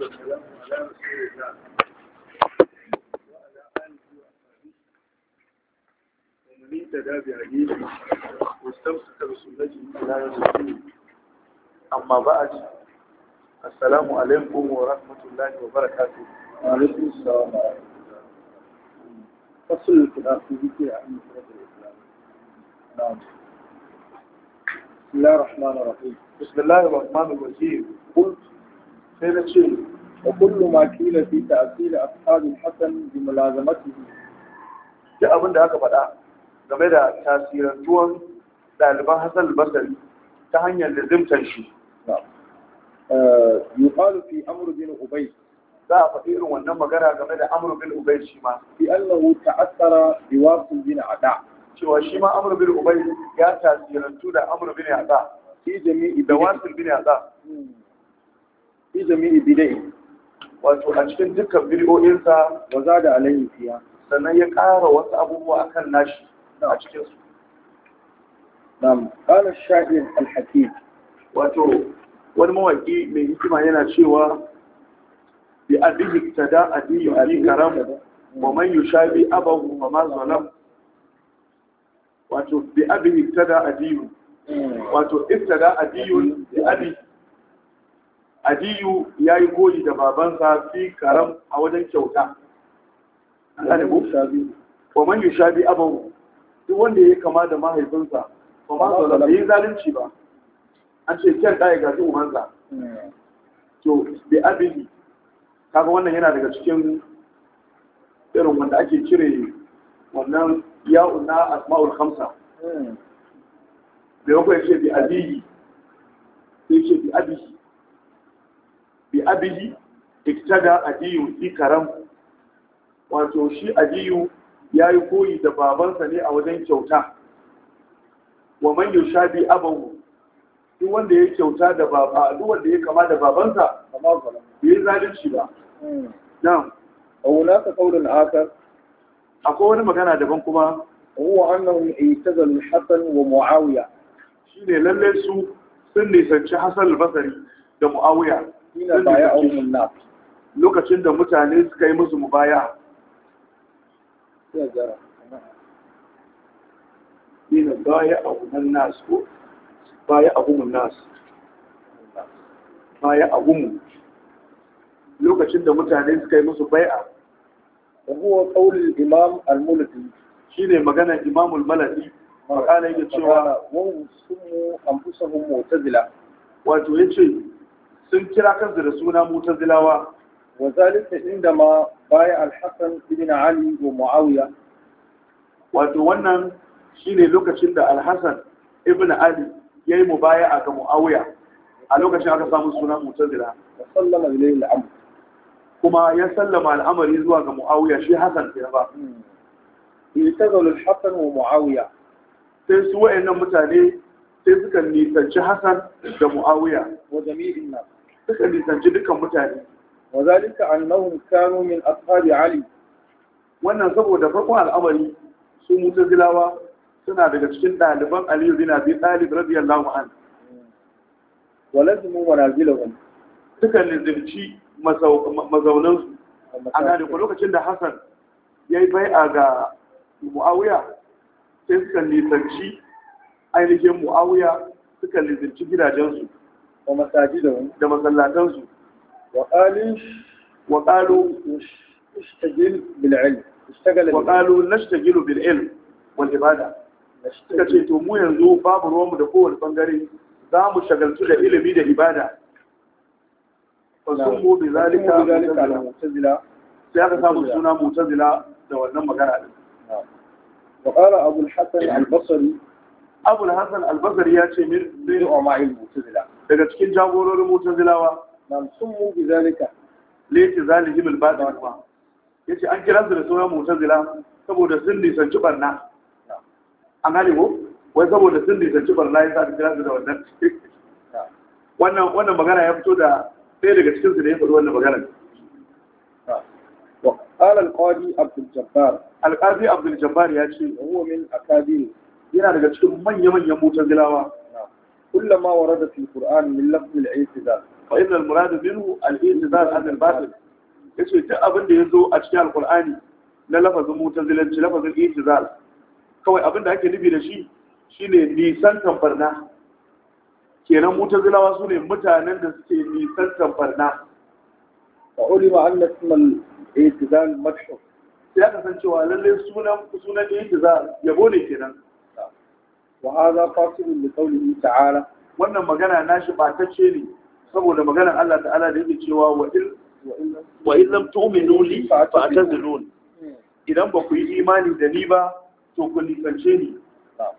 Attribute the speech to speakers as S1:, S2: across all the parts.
S1: أما بعد السلام عليكم ورحمة الله وبركاته وعليكم السلام ورحمة الله فصل الكلام في ذكر عن مفرد الإسلام نعم بسم الله الرحمن الرحيم بسم الله الرحمن الرحيم قلت sai na ce wa kullu ma kila fi ta'sir ashabil hasan bi mulazamatihi duk abin da aka faɗa game da tasirantuwan ɗaliban Hassan al-Basri ta hanyar lazimtar shi eh, yuqalu fi amr bin ubay za a faɗi irin wannan magana game da amr bin ubay shi ma bi annahu ta'assara bi wasil bin ada cewa shi ma amr bin ubay ya tasirantu da amr bin ada fi jami'i da wasil bin ada hmm. fi jami'i bidai wato a cikin dukkan bidiyoyinsa wa za da alayhi fiya sannan ya ƙara wasu abubuwa akan nashi a cikin su nam qala shahid al-hakim wato wani mawaki mai hikima yana cewa bi adihi tada adiyu abi karam wa man yushabi abahu wa ma zalam wato bi abihi tada adiyu hmm. wato ibtada adiyun bi abihi adiyu ya yi goyi da babansa fi karam a wajen kyauta wa man yushabi abawu, duk wanda ya kama da mahaifinsa ba ma da yin zalunci ba an ce kyan ɗaya ga su umarsa to bi abin kaga wannan yana daga cikin irin wanda ake cire wannan ya'u na asma'ul hamsa Bai hmm. wakwai ce bi abihi sai ce bi abihi abihi iktada adiyu ikaram karam wato shi adiyu ya yi koyi da babansa ne a wajen kyauta wa man yushabi abahu duk wanda ya kyauta da baba duk wanda ya kama da babansa kamar zalunci bai zalunci ba na'am aw ka qawlun akar akwai wani magana daban kuma huwa annahu itazal hasan wa muawiya shine lalle su sun nisanci hasan al-basri da muawiya lokacin da mutane suka yi musu mubaya baya ko lokacin da mutane suka yi musu bai'a imam al-mulki shine maganar imam al-malaki ma'ana yake cewa wa sumu anfusahum mu'tazila wato yace sun kira kansu da suna zilawa wa zalika ma baya al-hasan ibn ali wa muawiya wato wannan shine lokacin da al-hasan ibn ali yayi mubaya'a ga muawiya a lokacin aka samu suna zilawa sallama ilayhi al kuma ya sallama al'amari zuwa ga muawiya shi hasan ke ba yatazalu hmm. al-hasan wa muawiya sai su wayannan mutane sai suka nisanci hasan da muawiya wa jami'in nas suka nisanci dukkan mutane Wazalika zalika annahum kanu min ashabi ali wannan saboda farkon al'amari su mutazilawa suna daga cikin ɗaliban aliyu bin abi talib radiyallahu an wa lazimu manazilahum suka nisanci mazaunan su a gane ko lokacin da Hassan ya yi bai'a ga muawiya sai suka nisanci ainihin muawiya suka nizimci gidajensu ومساجدهم وقالوا وقالوا نشتغل بالعلم اشتغل وقالوا نشتغل بالعلم والعباده نشتغل تو مو ينزو باب روم ده كو البنغري زامو شغل تو ده علم فسموا بذلك المعتزله سياق صاحب وقال ابو الحسن البصري abul hasan albazar ya ce min zai umayil mutazila daga cikin jagororin mutazilawa nam sumu bi zalika ba zalihim al Ya ce an kira su da sunan mutazila saboda sun nisan barna na. A ko wai saboda sun nisanci barna ya sa kira su da wannan wannan wannan magana ya fito da sai daga cikin su da ya faru wannan magana قال القاضي عبد الجبار القاضي عبد الجبار يا شيخ هو من أكاذيب yana daga cikin manya-manyan mutan zilawa kullama warada fil qur'an min lafzil i'tizal fa inna al murad minhu al i'tizal an al batil ce ta abin da zo a cikin alqur'ani na lafazin zilanci lafazin aitizar. kawai abin da ake nufi da shi shine nisan tambarna kenan su sune mutanen da suke nisan tambarna fa ulima an ismal i'tizal madhhuf ya kasancewa lalle sunan sunan yabo ne kenan wa hadha fasilun li qawlihi ta'ala wannan magana nashi ba ta ce ne saboda maganar Allah ta'ala da yake cewa wa in wa in lam tu'minu li fa'tazilun idan ba ku yi imani da ni ba to ku nisance ni fa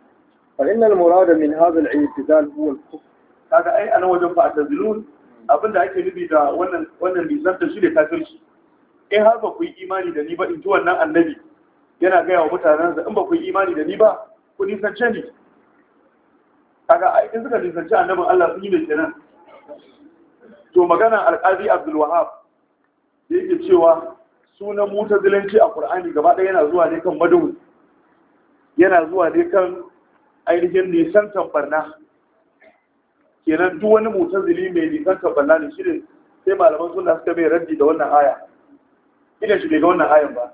S1: innal murada min hadha al-i'tidal huwa al-kufr kaga ai ana wajen fa'tazilun abinda ake nufi da wannan wannan nisanta shi ne kafirci in har ba ku yi imani da ni ba in ji wannan annabi yana gaya wa mutanensa in ba ku yi imani da ni ba ku nisance ni kaga in suka a annabin Allah sun yi mai kenan to magana alƙazi Abdul Wahab da yake cewa sunan mutazilanci a Qur'ani gaba ɗaya yana zuwa ne kan madawu yana zuwa ne kan ainihin nisan tambarna kenan duk wani mutazili mai nisan tambarna ne shi ne sai malaman sunna suka mai raddi da wannan aya idan shi ga wannan ayan ba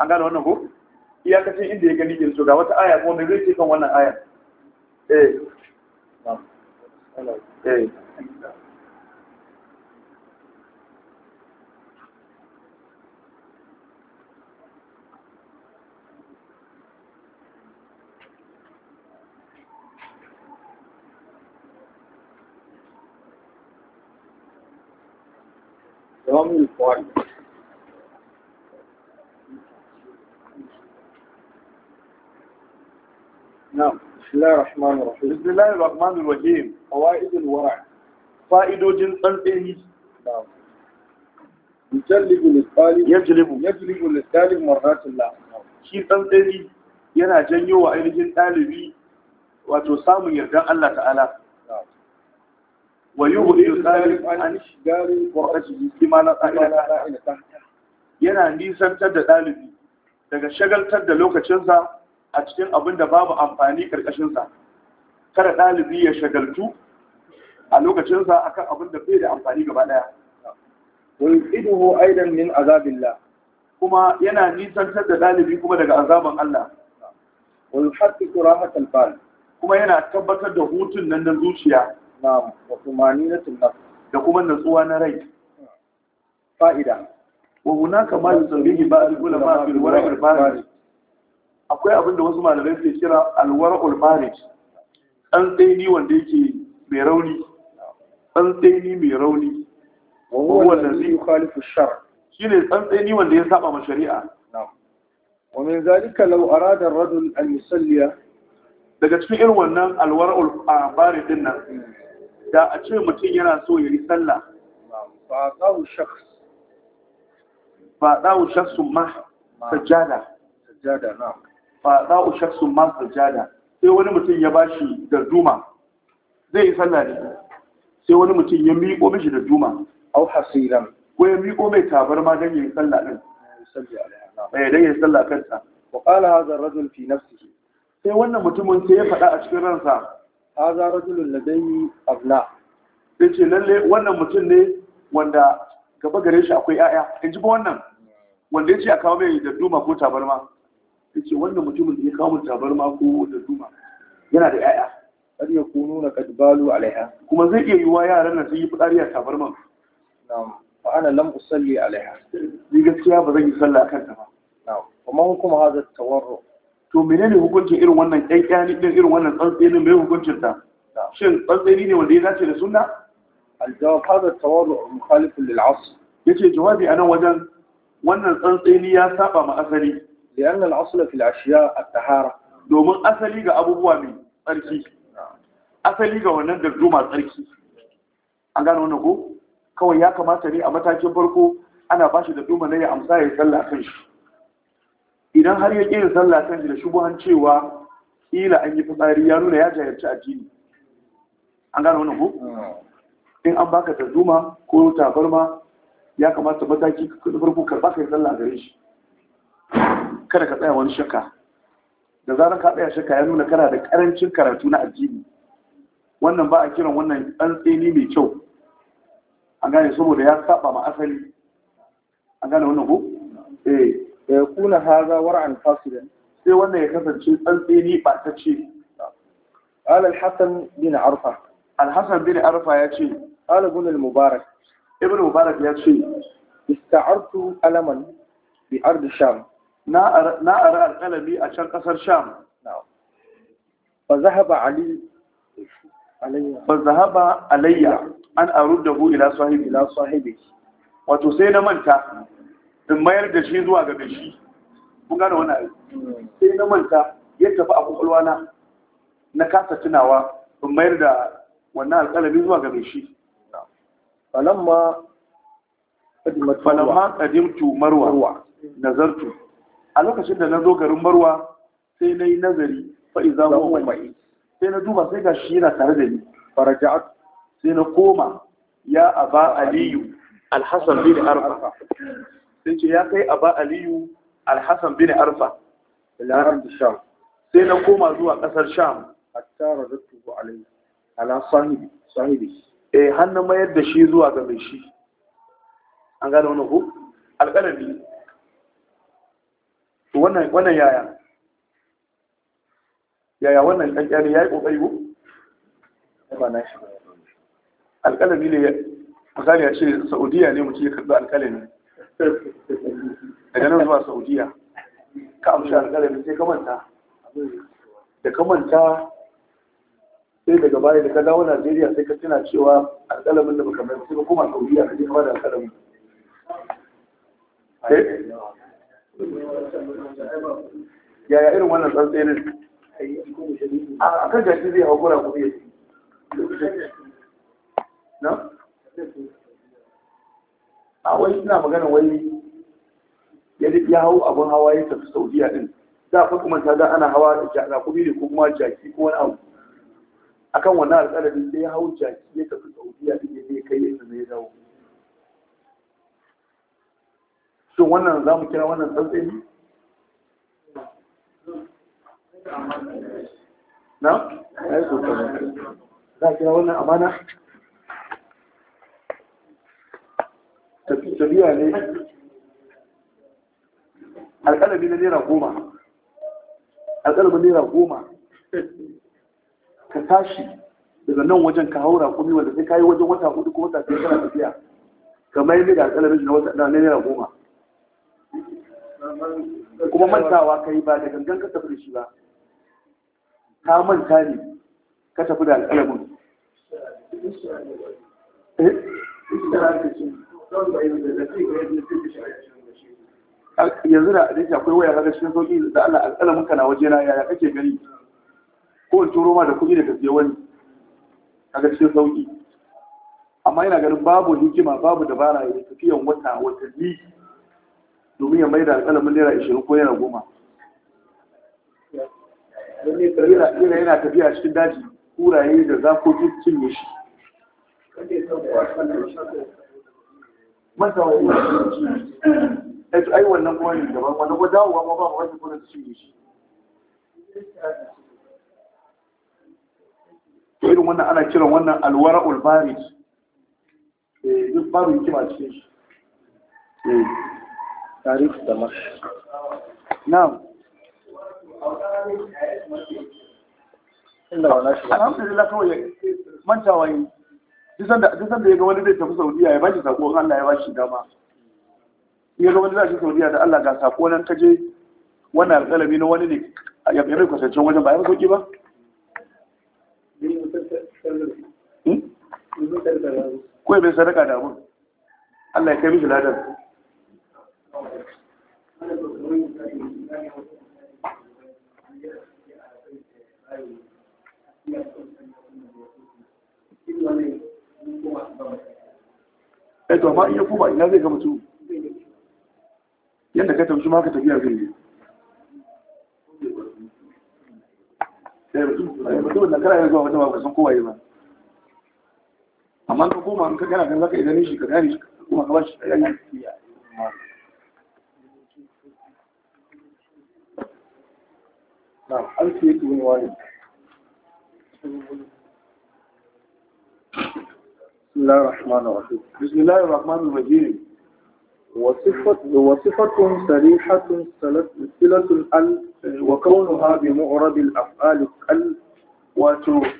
S1: an gane wannan ko iyakacin inda ya gani ke so ga wata aya kuma mai zai ce kan wannan ayan ايه ايه Terminal point. الله الرحمن الرحيم بسم الله الرحمن الرحيم فوائد الورع تنتهي يجلب للطالب يجلب يجلب للطالب مرات الله shi tsantsari yana janyo wa ainihin ɗalibi wato samun yardan Allah ta'ala wa yi tsarin an shigarin ƙwararci jiki ma na yana nisantar da ɗalibi daga shagaltar da lokacinsa a cikin abin da babu amfani ƙarƙashinsa. kada ɗalibi ya shagaltu a lokacinsa akan abin da bai da amfani gaba ɗaya wa yuqiduhu aidan min azabillah kuma yana nisantar da ɗalibi kuma daga azaban Allah wa yuhaqqiqu rahat al kuma yana tabbatar da hutun nan na zuciya na wa na nafs da kuma natsuwa na rai fa'ida wa hunaka ma yusabbihu ba'd ulama a wara'i al akwai abin da wasu malamai ke kira alwar'ul ɗan tsaini wanda yake mai rauni tsaini mai rauni wanda zai yukhalifu shar shi ɗan tsaini wanda ya saba ma shari'a wa min zalika law arada ar-rajul al-musalliya daga cikin irin wannan alwar'ul marij din nan hmm. da a ce mutum yana so ya yi sallah ba a shakhs ba dawo shakhs ma ta jada na'am fa da'u sun masu jada. sai wani mutum ya bashi da duma zai yi sallah ne sai wani mutum ya miƙo mishi da duma au hasiran ko ya miƙo mai tabarma dan yin sallah din eh dan yayin sallah kansa wa qala hadha ar-rajul fi nafsihi sai wannan mutumin sai ya faɗa a cikin ransa hadha rajulun ladayhi abna sai ce lalle wannan mutum ne wanda gaba gare shi akwai 'ya'ya in ji ba wannan wanda ya ce a kawo mai da duma ko tabarma ce wannan mutumin da ya kawo tabarma ko da duma yana da yaya kad yakunu na kad balu alaiha kuma zai iya yiwa yaran nan sun yi fitsari a tabarman na'am fa ana lam usalli alaiha ni gaskiya ba zan yi sallah akan ta ba na'am kuma hukum hadha tawarru to menene hukuncin irin wannan kyankyani din irin wannan tsantsenin mai hukuncin ta shin tsantseni ne wanda ya dace da sunna aljawab hadha tawarru mukhalifun lil asr yace jawabi anan wajen wannan tsantseni ya saba ma asali لأن الأصل في a tahara. domin asali ga abubuwa mai tsarki asali ga wannan darduma tsarki an gano wannan ko kawai ya kamata ne a matakin farko ana bashi da duma na ya amsa ya sallah kan shi idan har ya kira sallah da shubuhan cewa kila an yi fitsari ya nuna ya jayarci addini an gano wannan ko in an baka darduma ko tabarma ya kamata mataki farko karba kai sallah gare shi kada ka tsaya wani shakka da zarar ka tsaya shakka ya nuna kana da karancin karatu na addini wannan ba a kiran wannan ɗan tsini mai kyau an gane saboda ya saba ma asali an gane wannan ko eh ya kuna haza war'an fasidan sai wannan ya kasance ɗan tsini ba ta ce قال الحسن بن عرفة الحسن بن عرفة يأتي قال ابن المبارك ابن المبارك يأتي استعرت ألما بأرض الشام na ara alƙalami a can ƙasar sham ba zahaba ali ba zahaba alayya an arud da hu ila sahibi ila sahibi wato sai na manta in mayar da shi zuwa ga gashi kun gane wani abu hmm. sai na manta ya tafi a kwakwalwa na na kasa tunawa in mayar da wannan alƙalami zuwa ga gashi falamma ƙadimtu marwa nazartu a lokacin da na zo garin marwa sai na yi nazari fa'iza huwa mai sai na duba sai ga shi yana tare da ni faraja'at sai na koma ya aba aliyu alhassan bin arfa sai ce ya kai aba aliyu alhassan bin arfa sai na koma zuwa ƙasar sham a tara alayhi ala sahibi sahibi eh hannun mayar da shi zuwa ga mai shi an gane wani ku alƙalami to wannan wannan yaya yaya wannan kankani yayi kokari ko ba na shi alƙalami ne misali ya ce saudiya ne muke ya karɓi alƙalami daga nan zuwa saudiya ka amshi alƙalami sai ka manta da ka manta sai daga baya da ka dawo Najeriya sai ka tuna cewa alƙalamin da ba kamar sai ba kuma Saudiya ka je ka da alƙalamin eh? yaya irin wannan tsantsenin a kan gashi zai hau kura kuɗi na? a wani suna magana wani ya hau abin hawa ya tafi saudiya din za a kuma ta da ana hawa rakumi ne kuma jaki ko wani abu akan wannan alƙalari sai ya hau jaki ya tafi saudiya din ya kai ya zama ya dawo Shin wannan za mu kira wannan tsantsi ne? na? ya yi sosai za a kira wannan amana? tafiya ne alƙalabi na nera goma alƙalabin nera goma ka tashi daga nan wajen ka haura kuma wanda sai ka yi wajen wata hudu ko wata biyar kana tafiya kamar yadda alƙalabi na nera goma kuma mantawa ka yi ba da gangan ka tafi da shi ba ka manta ne ka tafi da alƙalamin eh? yanzu da da akwai waya ga cikin sauki da Allah alƙalamin ka na waje na yaya kake gani ko in turo ma da kuɗi da gaske wani a cikin sauki amma yana ganin babu hikima babu dabara ya tafiyan wata watanni domin ya maida alƙalamin naira ishirin ko naira goma yana yana tafiya cikin daji kuraye da zakokin cinye shi masa wani ya ai wannan kuma ne daban wannan kuma dawowa ma ba wani kuma cinye shi to irin wannan ana kiran wannan alwara ulbari eh duk babu hikima cikin shi eh. تاريخ دمشق نعم alhamdulillah kawai mantawa yi duk sanda ya ga wani zai tafi saudiya ya bashi sako Allah ya bashi dama ya wani zai shi saudiya da Allah ga sako nan kaje wannan alƙalami na wani ne ya bai kwasancen wajen ba ya sauki ba kawai bai sadaka da Allah ya kai mishi ladan Eh, to amma in ya koma ina zai ga mutum yadda ka taushi ma ka tafiya zai yi eh, mutumin eh, da kana zuwa wata ba san kowa ba amma ka koma ka gana kan zaka idan shi ka gane kuma ka shi ɗaya نعم أنسيت من والد بسم الله الرحمن الرحيم بسم الله الرحمن الرحيم وصفة وصفة صريحة صلة ال وكونها بمعرب الأفعال ال وتو نعم.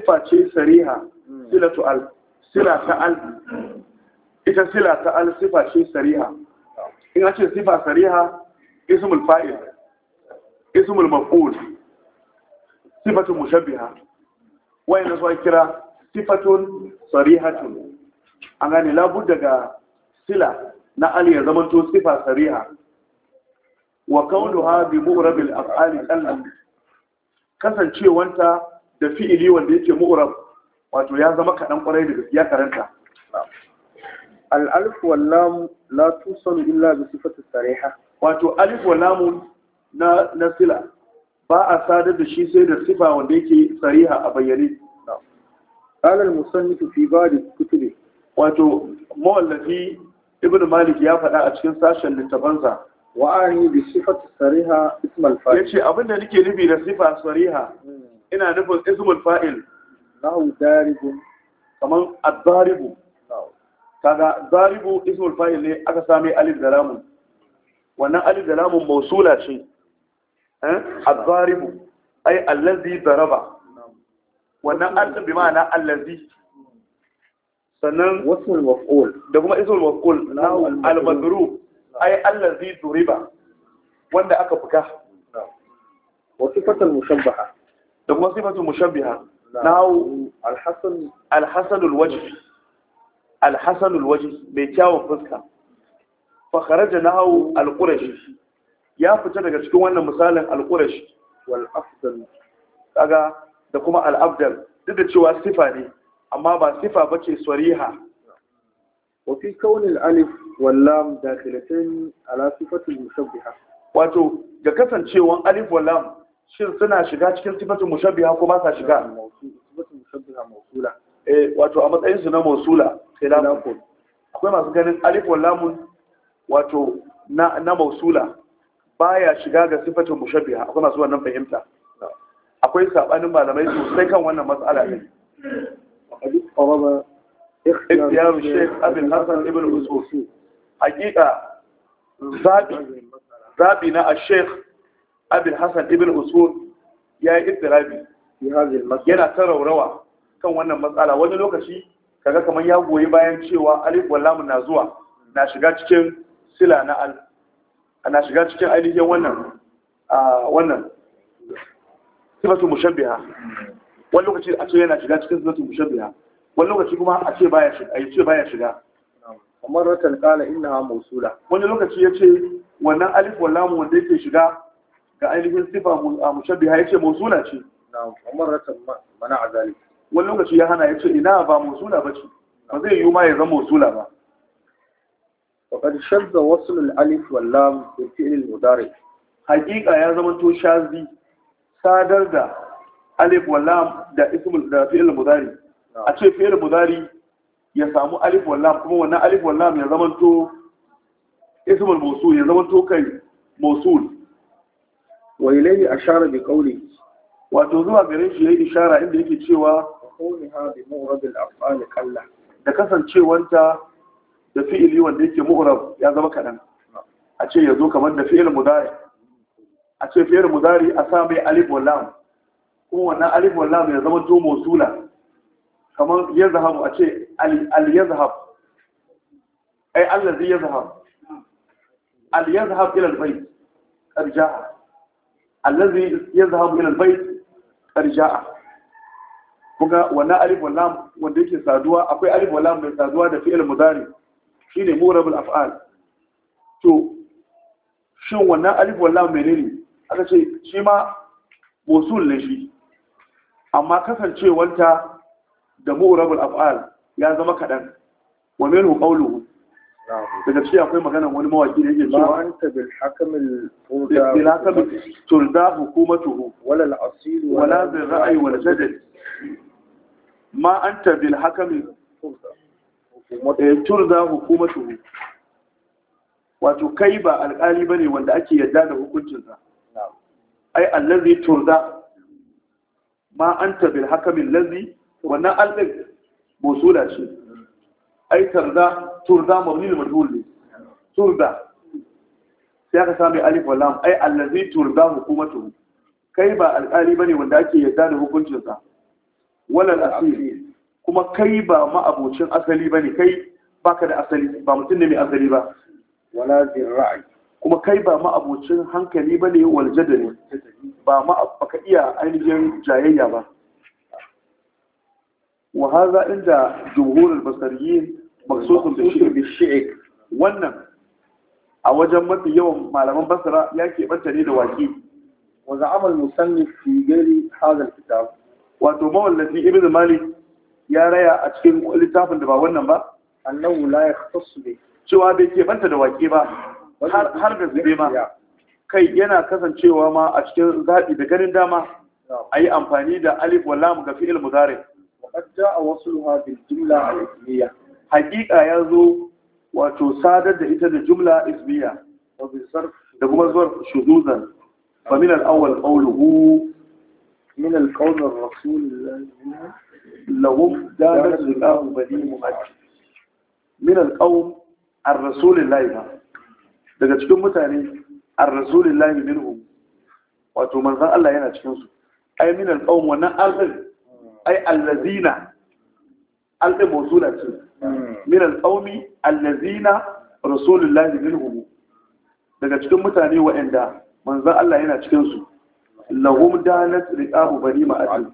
S1: صفة صريحة صلة ال صلة ال ita sila ال al sifa ce sariha in ce sifa sariha ismul fa'il ismul maf'ul sifatun mushabbiha wayan su kira sifatun sarihatun an gane labud daga sila na ali ya zamanto sifa sariha wa kaunuha bi mu'rabil af'ali qallan kasancewanta da fi'ili wanda yake mu'rab wato ya zama kaɗan ƙwarai da gaskiya karanta al'alif wal lam la tusal illa bi sifati sariha wato alif wal lam na sila ba a sadar da shi sai da sifa wanda yake tsariha a bayyane alal musannifu fi ba'd kutubi wato mawallafi ibnu malik ya faɗa a cikin sashen littafansa wa ani bi sifati sariha ismul fa'il yace abinda nake nufi da sifa sariha hmm. ina nufin ismul fa'il nahu daribun kaman ad-daribu kaga daribu ismul fa'il ne aka same alif da lamun wannan alif da lamun mausula ce Eh? azzaribu ai allazi daraba wannan alfin bi ma'ana allazi sannan wasul maf'ul da kuma ismul maf'ul al-madrub ai allazi duriba wanda aka buga wa sifatul mushabbaha da kuma sifatul mushabbaha nahu al-hasan al-hasan al-wajh al-hasan al-wajh mai kyawun fuska fa kharaja nahu al-qurashi ya fita daga cikin wannan misalin al-qurash wal afdal kaga da kuma al-afdal duk da cewa sifa ne amma ba sifa bace sariha wa fi kawn al-alif wal lam dakhilatan ala sifati al-mushabbiha wato ga kasancewan alif wal lam shin suna shiga cikin sifatin mushabbiha ko ba sa shiga sifatin mushabbiha mawsula eh wato a matsayin su na mawsula khilafun akwai masu ganin alif wal lam wato na na mawsula baya shiga ga sifatin mushabbiha akwai masu wannan fahimta akwai sabanin malamai sosai kan wannan matsala ne ikhtiyar Sheikh Abin Hassan Ibn Usufi hakika zabi zabi na Sheikh Abin Hassan Ibn Usufi ya yi ittirabi yana ta raurawa kan wannan matsala wani lokaci kaga kamar ya goyi bayan cewa alif wal na zuwa na shiga cikin sila na al ana shiga cikin ainihin wannan wannan sifatun mushabbiha wani lokaci a ce yana shiga cikin sifatun mushabbiha wani lokaci kuma a ce baya shiga ya ce baya shiga kamar ratan kala innaha mawsula wani lokaci ya ce wannan alif wal lam wanda yake shiga ga ainihin sifa mushabbiha yace mawsula ce na'am kamar ratan mana azali wani lokaci ya hana ce ina ba ba ce? ba zai yi ma ya zama musula ba ƙarshen da wasu alif wallam da fi'il mudari hakika ya zama shazi sadar da alif wallam da ismul da a ce fi'il mudari ya samu alif wallam kuma wannan alif wallam ya zama ismul mawsul ya zama to kai mawsul wa ilayhi ashara bi qawli wato zuwa gare shi yayi ishara inda yake cewa qawli hadi mawrad al-afal qalla da kasancewanta da fi'ili wanda yake mu'rab ya zama kadan a ce yazo kamar da fi'il mudari a ce fi'il mudari a sa mai alif wal lam kuma wannan alif wal lam ya zama to mawsula kamar yazhabu a ce al yazhab ai allazi yazhab al yazhab ila al bayt arja'a allazi yazhabu ila al bayt arja'a Kuma wannan alif wal lam wanda yake saduwa akwai alif wal lam mai saduwa da fi'il mudari Shi shine murabul af'al to shin wannan alif wallahu menene aka ce shi ma mosul ne shi amma kasancewanta da murabul af'al ya zama kadan wa minhu qawluhu daga ciki akwai magana wani mawaki ne yake cewa
S2: anta bil hakamil
S1: turda bil hakamil turda hukumatuhu wala al asil wala bil ra'yi wal jadal ma anta bil hakamil turda turza hukumatu wato kai ba alƙali bane wanda ake yadda da hukuncinsa ai allazi turza ma anta bil hakamin lazi wannan alɗin musula ce ai tarza turza mabni da ne turza sai aka sami alif wa lam ai allazi turza hukumatu kai ba alƙali bane wanda ake yadda da hukuncinsa wala asiri kuma kai ba ma'abocin asali ba ne kai baka da asali ba mutum ne mai asali ba wala zirra'i kuma kai ba ma'abocin hankali ba ne waljada ne ba baka iya ainihin jayayya ba wa haza inda jumhurul basariyin maksusun bi shi'ik wannan a wajen mafi yawan malaman basara ya keɓanta ne da waƙi wa za'amal musannif fi gari hadha kitab wato mawallafi ibn malik ya raya a cikin littafin da ba wannan ba annahu la yakhtassu bi cewa bai ke banta da wake ba har da zube ma kai yana kasancewa ma a cikin zabi da ganin dama ayi amfani da alif wa ga fi'il mudari wad jaa wasluha bil jumla al ismiya haqiqa yazo wato sadar da ita da jumla ismiya wa bi sarf da kuma zuwar shuduzan fa min al awwal qawluhu min al qawl ar rasulillahi لهم دانت لقاء بني مؤكد من القوم الرسول الله daga cikin mutane ar-rasulun lahi minhum wato manzan Allah yana cikinsu ai min alƙawun wannan alɗin ai allazina alɗin mosula ce min alƙawmi allazina rasulun lahi minhum daga cikin mutane wa'anda manzan Allah yana cikinsu lahum dalat riqabu bani ma'adil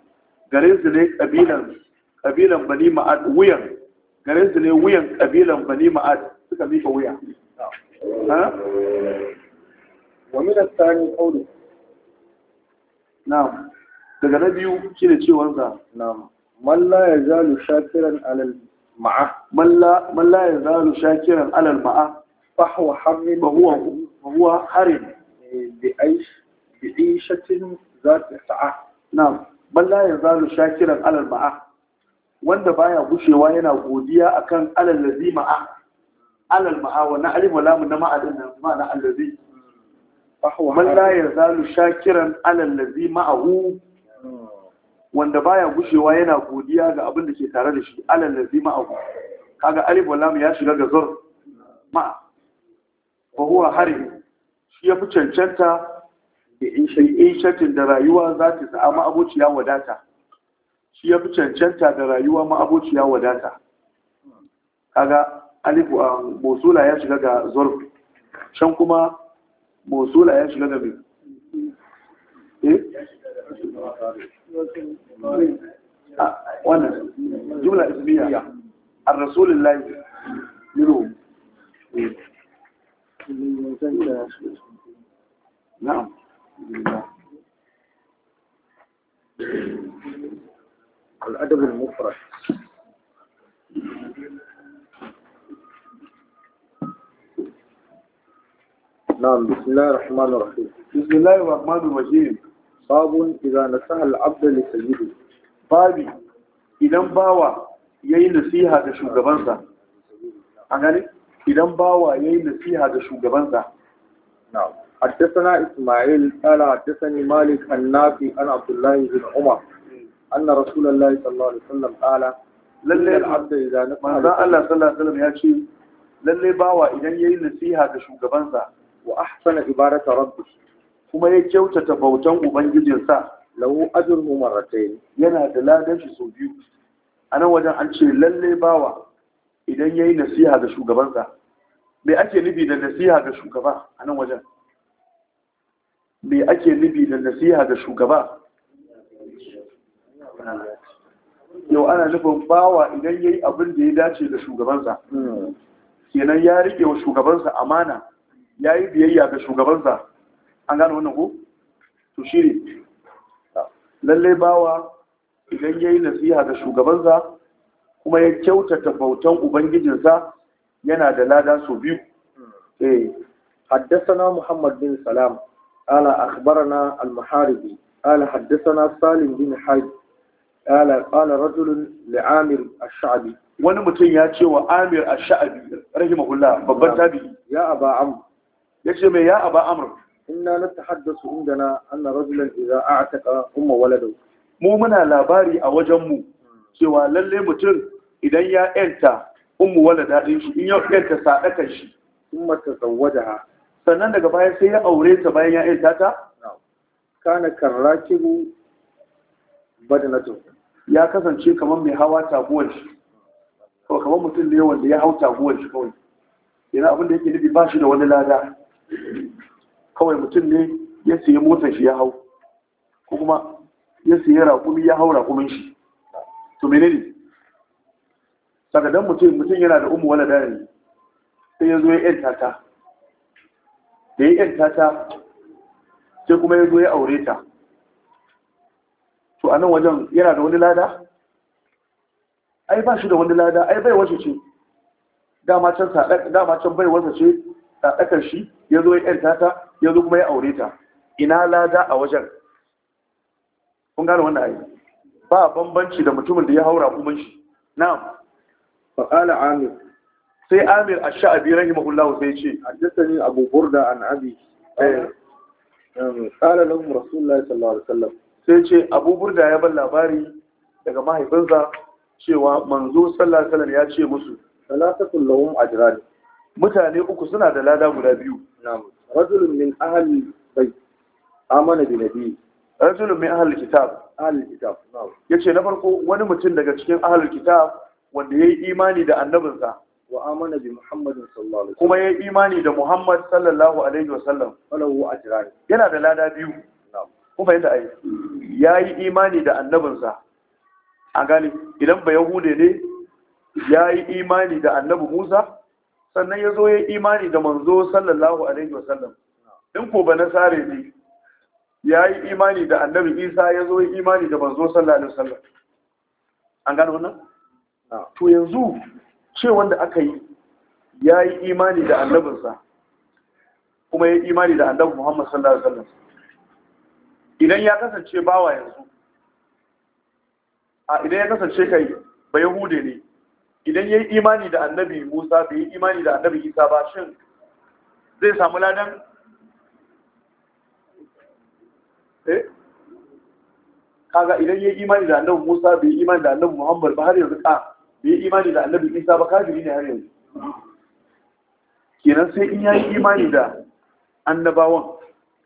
S1: garin su ne bani ma'ad wuyan garin su ne wuyan bani ma'ad suka mika wuya na'am daga na biyu shine cewar sa na'am man la yazalu shakiran alal ma'a man la man la shakiran alal ma'a sa'a na'am balla ya zalu shakiran alal ma'a wanda baya gushewa yana godiya akan alal ladhi ma'a alal ma'a wa alif wa lamu na ma'a din nan ma'ana allazi balla ya zalu shakiran alal ma'a hu wanda baya gushewa yana godiya ga abin da ke tare da shi alal ma'a? hu kaga alif wa lam ya shiga ga zur ma'a fa huwa hari shi ya fi cancanta ishatin da rayuwa za ta sa'a ma'abociya wadata shi ya fi cancanta da rayuwa ma'abociya wadata kaga alifu a ah, mosula ya shiga ga zorf can kuma mosula ya shiga ga mai
S2: الأدب المفرد
S1: نعم بسم الله الرحمن الرحيم بسم الله الرحمن الرحيم باب إذا نصح العبد لسيده باب إذا باوى يي نصيحة لشغبانسا أغاني إذا باوى يي نصيحة لشغبانسا نعم حدثنا إسماعيل قال حدثني مالك النافي عن عبد الله بن عمر أن رسول الله صلى الله عليه وسلم قال lalle al'abda idan manzon Allah sallallahu alaihi ya ce lalle bawa idan yayi nasiha ga shugabansa wa ahsana ibarata rabbi kuma ya kyautata bautan ubangijinsa lahu ajruhu marratayn yana da ladan shi sau biyu anan wajen an ce lalle bawa idan yayi nasiha shugabansa me ake nufi da nasiha ga shugaba nan wajen me ake nufi da nasiha da shugaba yau ana nufin bawa idan ya yi abin da ya dace da shugabansa kenan ya riƙe wa shugabansa amana ya yi biyayya ga shugabansa an gano wannan ku? to shi lallai bawa idan ya yi nasiha da shugabansa kuma ya kyautata bautan ubangijinsa yana da lada sau biyu eh. Haddasa na muhammadin salam قال أخبرنا المحاربي قال حدثنا سالم بن حاج قال قال رجل لعامر الشعبي wani mutum ya ce wa amir a sha'abi rahimahullah babban tabi ya aba Amur. ya ce mai ya aba Amur? Ina na tahaddasu indana anna rajulan idza a'taqa umma waladahu mu muna labari a wajen mu cewa lalle mutum idan ya yanta umma walada din shi in ya yanta sadakan shi umma tazawwajaha sannan daga baya sai ya aure ta bayan ya ta ta kana karrakibu badnatu ya kasance kamar mai hawa taguwar shi ko kamar mutum ne wanda ya hau taguwar shi kawai yana abin da yake nufi ba shi da wani lada kawai mutum ne ya siya motar shi ya hau ko kuma ya siya raƙumi ya hau raƙumin shi to menene saka mutum mutum yana da umu wani dare sai ya zo ya yanta ta da ya yanta ta sai kuma ya zo ya aure ta to a nan wajen yana da wani lada ai ba shi da wani lada ai bai wace ce dama can bai wasa ce ɗakar shi ya zo ya yanta ta ya zo kuma ya aure ta ina lada a wajen kun gane wannan ai ba bambanci da mutumin da ya haura kuma shi Na fa'ala amin sai amir a sha'abi rahimahullahu sai ce jisani abu burda an abi eh, um, qala lahum rasulullah sallallahu alaihi wasallam sai ce abu burda ya ban labari daga mahaifinsa cewa manzo sallallahu alaihi wasallam ya ce musu salatatul lahum ajran mutane uku suna da lada guda biyu na'am rajulun min ahli bayt amana bi nabi rajulun min ahli kitab ahli kitab na'am yace na farko wani mutum daga cikin ahli kitab wanda yayi imani da annabinsa wa amana bi Muhammadin sallallahu alaihi kuma yayi imani da Muhammad sallallahu alaihi wasallam falahu ajran yana da lada biyu kun fahimta ai yayi imani da annabinsa a gani idan ba yahude ne yayi imani da annabi Musa sannan yazo yayi imani da manzo sallallahu alaihi wasallam in ko ba nasare ne yayi imani da annabi Isa yazo yayi imani da manzo sallallahu alaihi wasallam an gano wannan to yanzu ce wanda aka yi ya yi imani da annabinsa kuma ya yi imani da annabin muhammad sallallahu alaihi wasallam idan ya kasance bawa yanzu a idan ya kasance kai ba yahude ne idan ya yi imani da annabi musa bai yi imani da annabi isa ba shin zai samu ladan eh kaga idan ya yi imani da annabi musa bai yi imani da annabi muhammad ba har yanzu ka bai imani da annabi isa ba kafiri ne har yanzu kenan sai in yayi imani da annabawan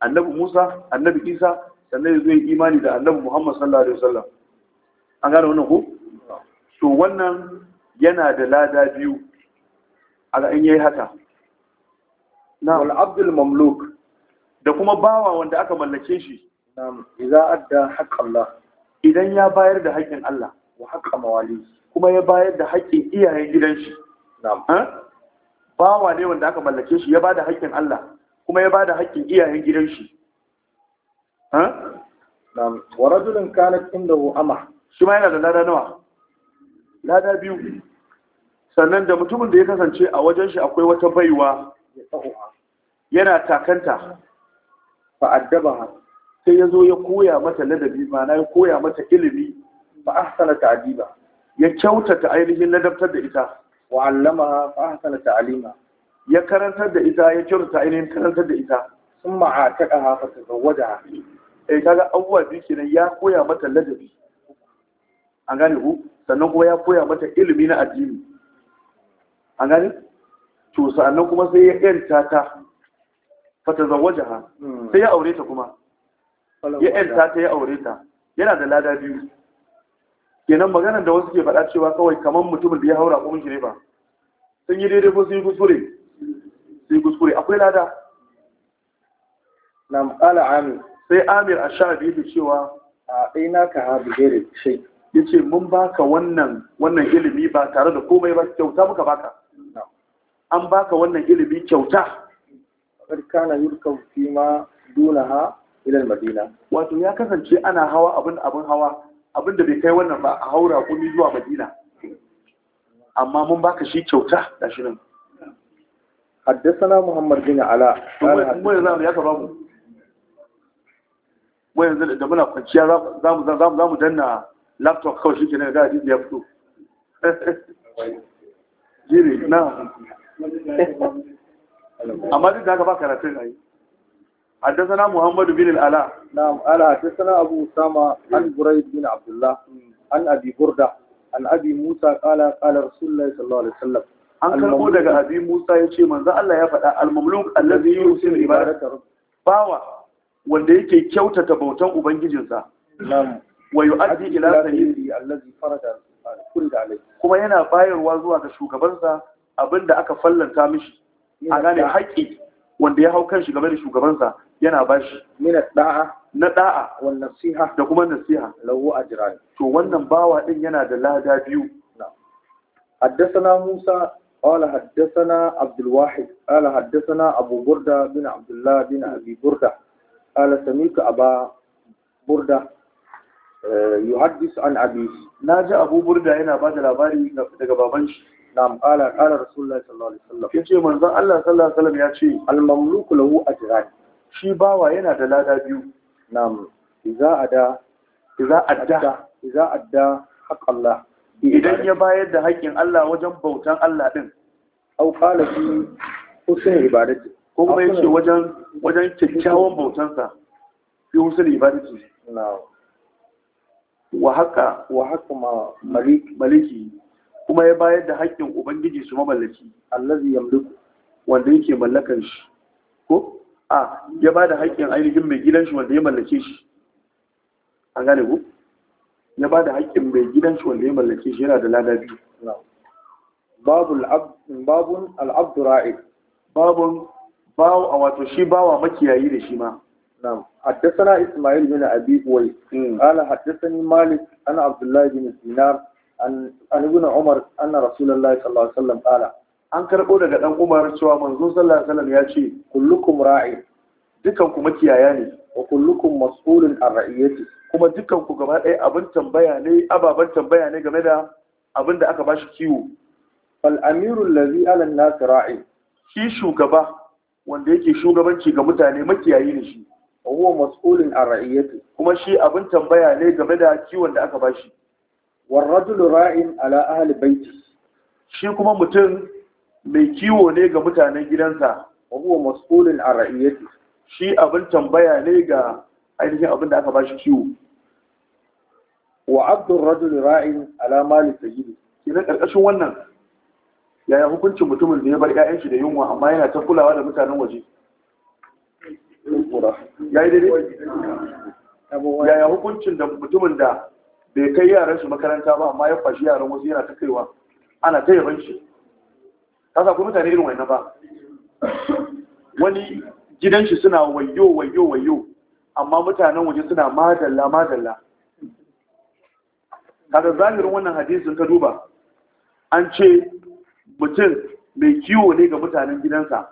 S1: annabi musa annabi isa sannan zai imani da annabi muhammad sallallahu alaihi wasallam an gane wannan ko to wannan yana da lada biyu ala in yayi haka na wal abdul mamluk da kuma bawa wanda aka mallake shi idza adda haqqan Allah idan ya bayar da haƙƙin Allah wa haqqa mawali kuma ya bayar da haƙƙin iyayen gidan shi bawa ne wanda aka mallake shi ya ba da haƙƙin Allah kuma ya ba da haƙƙin iyayen gidan shi wa rajulun kanat indahu ama shi ma yana da lada nawa lada biyu sannan da mutumin da ya kasance a wajen shi akwai wata baiwa yana takanta fa addabaha sai ya zo ya koya mata ladabi na ya koya mata ilimi ba a ahsana ta'diba ya kyautata ainihin ladabtar da ita wa allama fa hasana ta'lima ya karantar da ita ya kyautata ainihin karantar da ita sun ma'ataka hafa ta zawada eh kaga abubuwa biyu nan ya koya mata ladabi an gane ku sannan kuma ya koya mata ilimi na addini an gane to sannan kuma sai ya yanta ta fata zawaja ha hmm. sai ya aure ta kuma ya yanta ta ya aure ta yana da lada biyu kenan maganar da wasu ke faɗa cewa kawai kamar mutumin da ya haura ko shi ne ba sun yi daidai ko sun yi kuskure sun yi kuskure akwai lada Na qala amir sai amir biyu da cewa a ina ka ha bigere shi ce, mun baka wannan wannan ilimi ba tare da komai ba kyauta muka baka an baka wannan ilimi kyauta kad kana yurkan fi ma dunaha ilal madina wato ya kasance ana hawa abin abin hawa abin da bai kai wannan ba a haura kumi zuwa madina amma mun baka shi kyauta da shi nan haddasana muhammad bin ala Kuma yanzu ya ka bamu wai yanzu da muna kwanciya za mu za mu danna laptop kawai shi kenan da hadisi ya fito jiri na amma duk da haka ba karatun ayi حدثنا محمد bin العلاء نعم قال حدثنا أبو أسامة عن بريد بن عبد الله عن أبي بردة عن أبي موسى قال قال رسول an karbo daga abi Musa ya ce manzo Allah ya faɗa al-mamluk allazi yusil ibadata bawa wanda yake kyautata bautar ubangijinsa wa yu'addi ila sayyidi allazi farada kurida alayhi kuma yana bayarwa zuwa ga shugabansa abinda aka fallanta mishi a gane haƙƙi wanda ya hau kan shi game da shugabansa yana bashi. shi minat da'a na da'a wal nasiha da kuma nasiha lahu ajran to wannan bawa ɗin yana da lada biyu haddathana musa qala haddathana abdul wahid qala haddathana bin abdullah bin abi burda qala samitu burda eh, yuhaddis an abi naja abu burda yana ba da labari daga baban shi nam qala qala rasulullah sallallahu alaihi wasallam yace manzo allah sallallahu alaihi wasallam yace al mamluku lahu ajran shi bawa yana da lada biyu nam za a da za a da! haqq Allah idan ya bayar da haƙƙin Allah wajen bautan Allah ɗin, au shi fi ibadati ko kuma yake wajen wajen kyakkyawan bautansa fi husn ibadati na wa haka wa haka maliki kuma ya bayar da haƙƙin ubangiji su mamallaki allazi yamliku wanda yake mallakar shi ko a ya ba da haƙƙin ainihin mai gidan shi wanda ya mallake shi a gane ku ya ba da haƙƙin mai gidan shi wanda ya mallake shi yana da lada biyu babun al'abdu babun bawo a wato shi bawa makiyayi da shi ma حدثنا إسماعيل بن أبي بوي قال حدثني مالك أنا عبد الله بن سينار عن ابن عمر أن رسول الله صلى الله عليه وسلم قال an karɓo daga ɗan umar cewa manzon sallallahu alaihi wasallam ya ce kullukum ra'i dukan ku makiyaya ne wa kullukum mas'ulun an ra'iyati kuma dukan ku gaba ɗaya abin tambaya ne ababen tambaya ne game da abin da aka bashi kiwo fal amirul ladhi ala nas ra'i shi shugaba wanda yake shugabanci ga mutane makiyayi ne shi wa huwa mas'ulun an ra'iyati kuma shi abin tambaya ne game da kiwon da aka bashi war rajul ra'in ala ahli baiti shi kuma mutum mai kiwo ne ga mutanen gidansa wa huwa mas'ulun a ra'iyati shi abin tambaya ne ga ainihin abin da aka ba shi kiwo wa abdur rajul ra'in ala mali sayyidi kina karkashin wannan yaya hukuncin mutumin da ya bar ƴaƴan shi da yunwa amma yana ta kulawa da mutanen waje yayi yaya hukuncin da mutumin da bai kai yaran shi makaranta ba amma ya fashi yaran wasu yana ta kaiwa ana ta yaban shi kasa kuma mutane irin wannan ba wani gidan suna wayo wayo wayo amma mutanen waje suna madalla madalla kaga zahirin wannan hadisin ka duba an ce mutum mai kiwo ne ga mutanen gidansa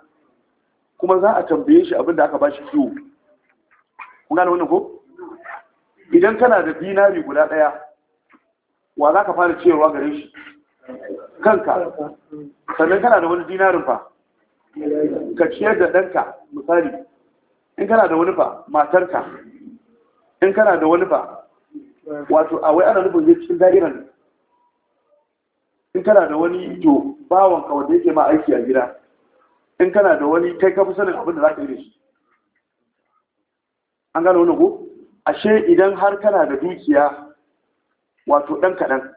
S1: kuma za a tambaye shi abinda aka ba shi kiwo kun gane wannan ko idan kana da dinari guda daya wa za ka fara ciyarwa gare shi kanka sannan kana da wani dinarin fa ka ciyar da ɗanka misali in kana da wani fa matarka in kana da wani fa wato a wai ana nufin zai cikin da'iran in kana da wani to bawon ka da yake ma aiki a gida in kana da wani kai ka fi sanin abin da za ka yi da shi an gano wani ko ashe idan har kana da dukiya wato ɗan kaɗan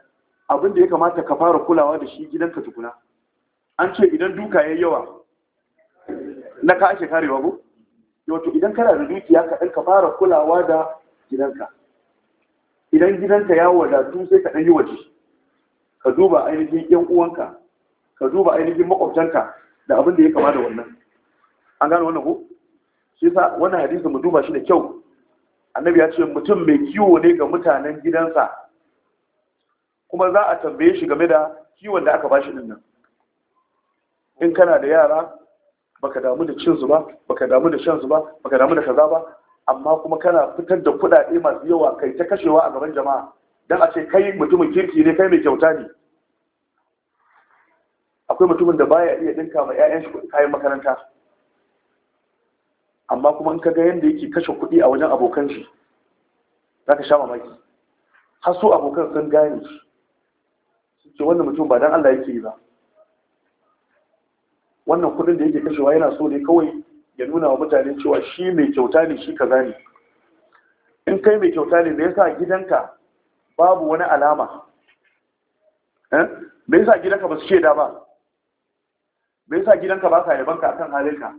S1: abin da ya kamata ka fara kulawa da shi gidanka tukuna an ce idan duka ya yawa na ka ake karewa ko wato idan kana da dukiya ka ɗan ka fara kulawa da gidanka idan gidanka ya wadatu sai ka ɗan yi waje ka duba ainihin yan uwanka ka duba ainihin makwabtanka da abin da ya kama da wannan an gano wannan ko shi sa wannan hadisi mu duba shi da kyau annabi ya ce mutum mai kiwo ne ga mutanen gidansa kuma za a tambaye shi game da kiwon da aka bashi din nan in kana da yara baka damu da cin su ba baka damu da shan su ba baka damu da kaza ba amma kuma kana fitar da kuɗaɗe masu yawa kai ta kashewa a gaban jama'a dan a ce kai mutumin kirki ne kai mai kyauta ne akwai mutumin da baya iya dinka ma 'ya'yan shi kayan makaranta amma kuma in ka ga yadda yake kashe kuɗi a wajen abokan shi za sha mamaki har su abokan sun gane shi ce wannan mutum ba dan Allah yake yi ba wannan kudin da yake kashewa yana so ne kawai ya nuna wa mutane cewa shi mai kyauta ne shi kaza ne in kai mai kyauta ne da sa gidanka babu wani alama da eh? sa gidanka ba su sheda ba da sa gidanka ba ka yabanka akan halinka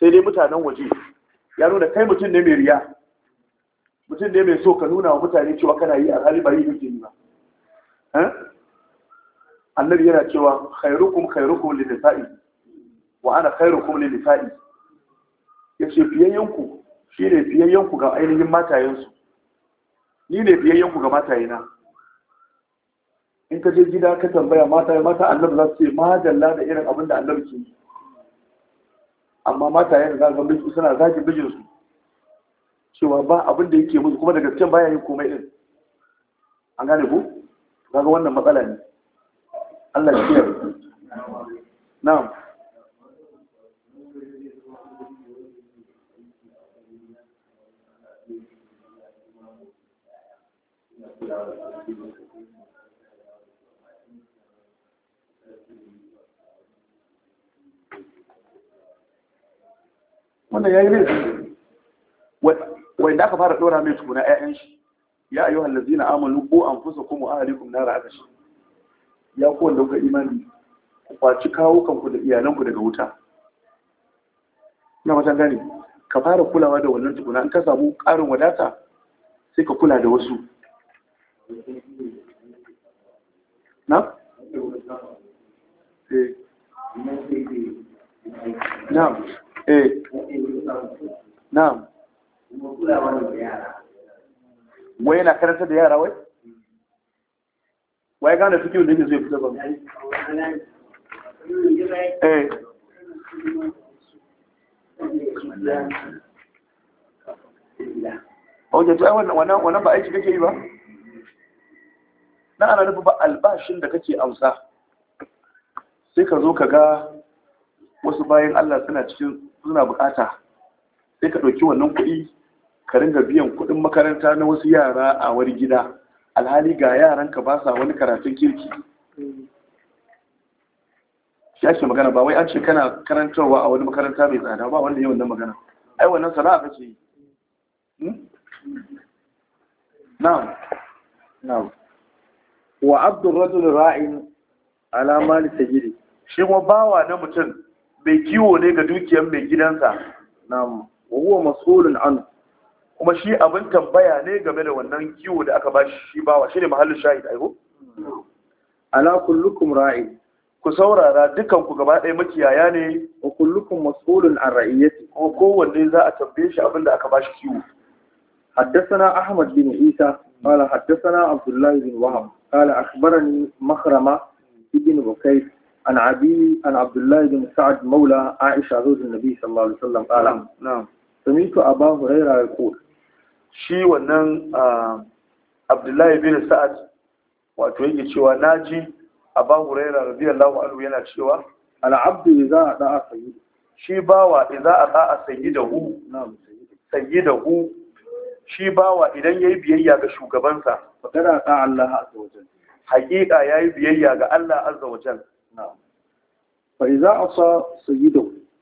S1: sai dai mutanen waje ya nuna kai mutum ne mai riya mutum ne mai so ka nuna wa mutane cewa kana yi a ba yi yi ba eh? annabi yana cewa khairukum khairukum li nisa'i wa ana khairukum li nisa'i yace fiyayyanku shine fiyayyanku ga ainihin matayensu ni ne fiyayyanku ga matayena in ka je gida ka tambaya mata mata annabi za su ce dalla da irin abin da annabi ke amma mata yana zaga miji suna zagi su cewa ba abin da yake musu kuma da gaske baya yin komai din an gane ku kaga wannan matsala ne Allah ya na'am wannan ya yi wanda aka fara ɗora mai tukuna 'ya'yan shi ya ayyuhallazina amalu ko an fusa kuma ahalikum nara aka shi ya ku wanda kuka imani ku kwaci kawo kanku da iyalanku daga wuta na wata gani ka fara kulawa da wannan tukuna in ka samu ƙarin wadata sai ka kula da wasu
S2: na? eh na eh
S1: na wai na karanta da yara wai? waye gane suke da yake zai fita ba eh wannan wannan ba aiki kake yi ba? Na ana nufi ba albashin da kake amsa. Sai ka zo ka ga wasu bayan Allah suna cikin suna bukata. Sai ka ɗauki wannan kuɗi ka ringa biyan kuɗin makaranta na wasu yara a wani gida. alhali ga yaranka ba sa wani karatun kirki shi ake magana ba wai an ce kana karantarwa a wani makaranta mai tsada ba wanda yi wannan magana ai wannan sana'a ka ce hmm? na'am na'am wa abdul rajul ra'in ala ta sajidi shi kuma bawa na mutum mai kiwo ne ga dukiyar mai gidansa na'am wa huwa mas'ulun anu kuma shi abin tambaya ne game da wannan kiwo da aka bashi shi ba, wa shi ne mahallin shahid aiko? ala kullukun ra'i ku saurara ku gaba ɗaya makiyaya ne wa kullukum mas'ulun an ra'iyyati kuma kowanne za a tambaye shi abin da aka bashi kiwo Haddasa na ahmad bin isa haddasa na Abdullahi bin wahab qala akhbarani makhrama ibn bukayt an abi an Abdullahi bin sa'ad maula aisha zawj nabi sallallahu alaihi wasallam qala a سمعت أبا هريرة shi wannan abdullahi bin sa'ad wato yake cewa naji abu huraira radiyallahu anhu yana cewa al'abdu idza ada'a sayyid shi bawa idza ada'a sayyidahu na'am hu. shi bawa idan yayi biyayya ga shugabansa fadara ta Allah azza wajal jalla haqiqa yayi biyayya ga Allah azza wajal jalla na'am fa idza asa sayyidu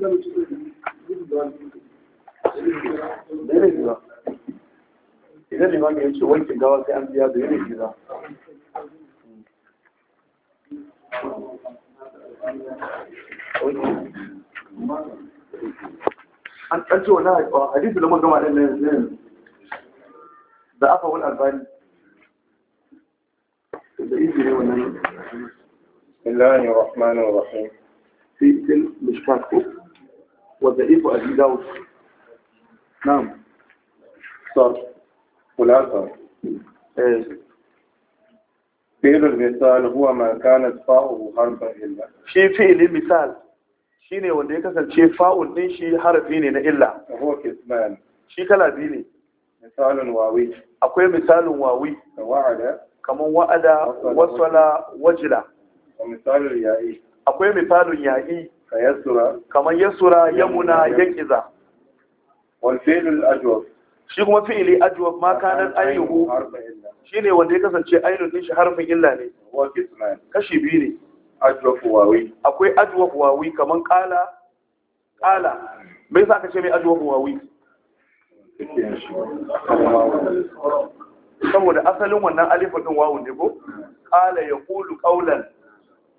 S1: da yana gida idan limami ya ce wankin gawa sai an biya da yana gida an ɗanci wani hadisi da magama ɗin yanzu da aka wani albani da izini wannan بسم الله الرحمن الرحيم في المشفاق وضعيف أبي داود نعم صار خلاصة فعل المثال هو ما كانت فاؤه حرفا إلا شي فعل المثال shi ne wanda ya kasance fa'un ɗin shi harafi ne na illa shi kala biyu ne misalin wawi akwai misalin wawi kamar wa'ada wasala wajila akwai misalin yaƙi. kamar yasura yamuna yakiza walfilul ajwab shi kuma fi'ili ajwab ma kana ayyuhu shine wanda ya kasance ainun din shi harfin illa ne kashi biyu ne ajwab wawi akwai ajwab wawi kamar qala qala me yasa aka ce mai ajwab wawi saboda asalin wannan alifin din wawun ne ko qala yaqulu qawlan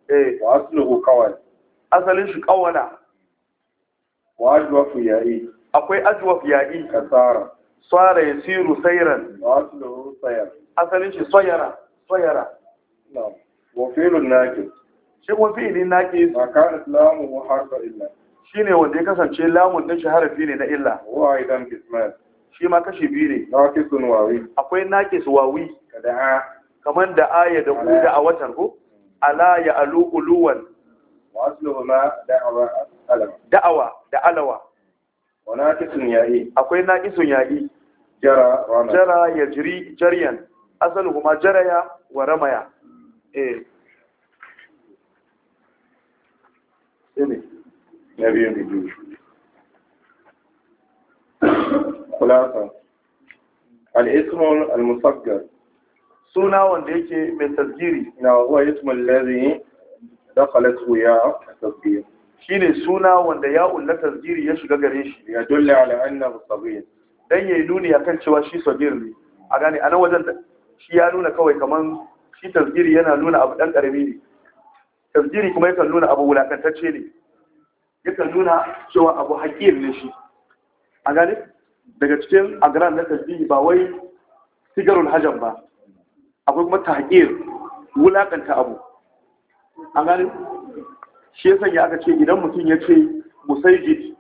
S1: eh wa asluhu qawlan asalin shi kawala wa fi yayi akwai fi yayi kasara sara yasiru sayran wa asluhu sayr asalin shi sayara sayara na'am wa fi'lun naqis shi wa fi'lin naqis ma kana lamu harfa illa shine wanda ya kasance lamun din shi harafi ne na illa wa idan kismat shi ma kashi biyu ne naqisun wawi akwai naqis wawi kada kamar da aya da ku da a watan ko hmm. ala ya alu uluwan da'awa da alawa Wana akwai naƙisun yaƙi jara Jara ya jiri jariyan asali kuma jaraya wa ramaya
S2: na biyu da
S1: biyu kulasa al'ismul al-musaggar suna wanda yake mai tasgiri na huwa ismul lazini dakhalat ya tasghir shine suna wanda ya unna tasghiri ya shiga gare shi ya dalla ala annahu saghir dan yayi nuni akan cewa shi saghir ne a gane anan wajen da shi ya nuna kawai kaman shi tasghiri yana nuna abu dan karami ne tasghiri kuma yakan nuna abu wulakantacce ne yakan nuna cewa abu haƙir ne shi a gane daga cikin agran na tasghiri ba wai sigarul hajam ba akwai kuma tahqir wulakanta abu an gani shi ya sanya aka ce idan mutum ya ce musayid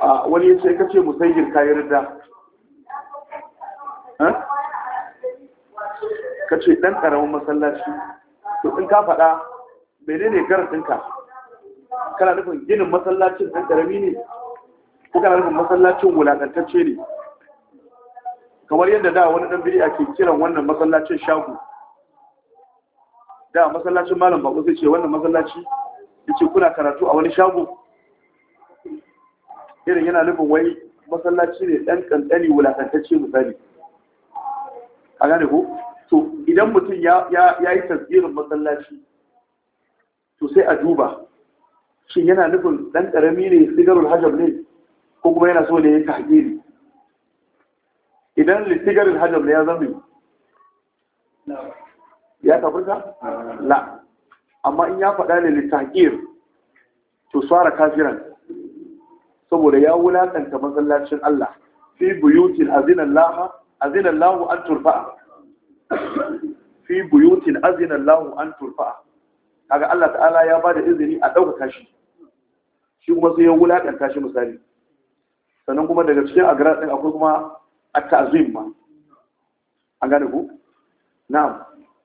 S1: a wani ya ce ka ce musayid ka yi rida ka ce ɗan ƙaramin masallaci to in ka faɗa mene ne garin ɗinka kana nufin ginin masallacin ɗan ƙarami ne ko kana nufin masallacin wulaƙantacce ne kamar yadda da wani ɗan biri ake kiran wannan masallacin shago da masallacin malam bako zai ce wannan masallaci yace kuna karatu a wani shago irin yana nufin wai masallaci ne dan kankani wulakantacce misali a gane ko to idan mutum ya yi tasirin masallaci to sai a duba shi yana nufin dan karami ne sigarul hajab ne ko kuma yana so ne ya tahgiri idan sigarul hajab ne ya zama ya kafirta la amma in ya faɗa ne littakir to tsara kafiran saboda ya wulakanta matsalacin Allah fi buyutin azinan lahu an turfa'a fi buyutin lahu an turfa'a kaga Allah ta'ala ya bada izini a ɗaukaka shi shi kuma sai ya wulakanta shi misali sannan kuma daga cikin agarar ɗin akwai kuma a tazim ma an gane ku na'am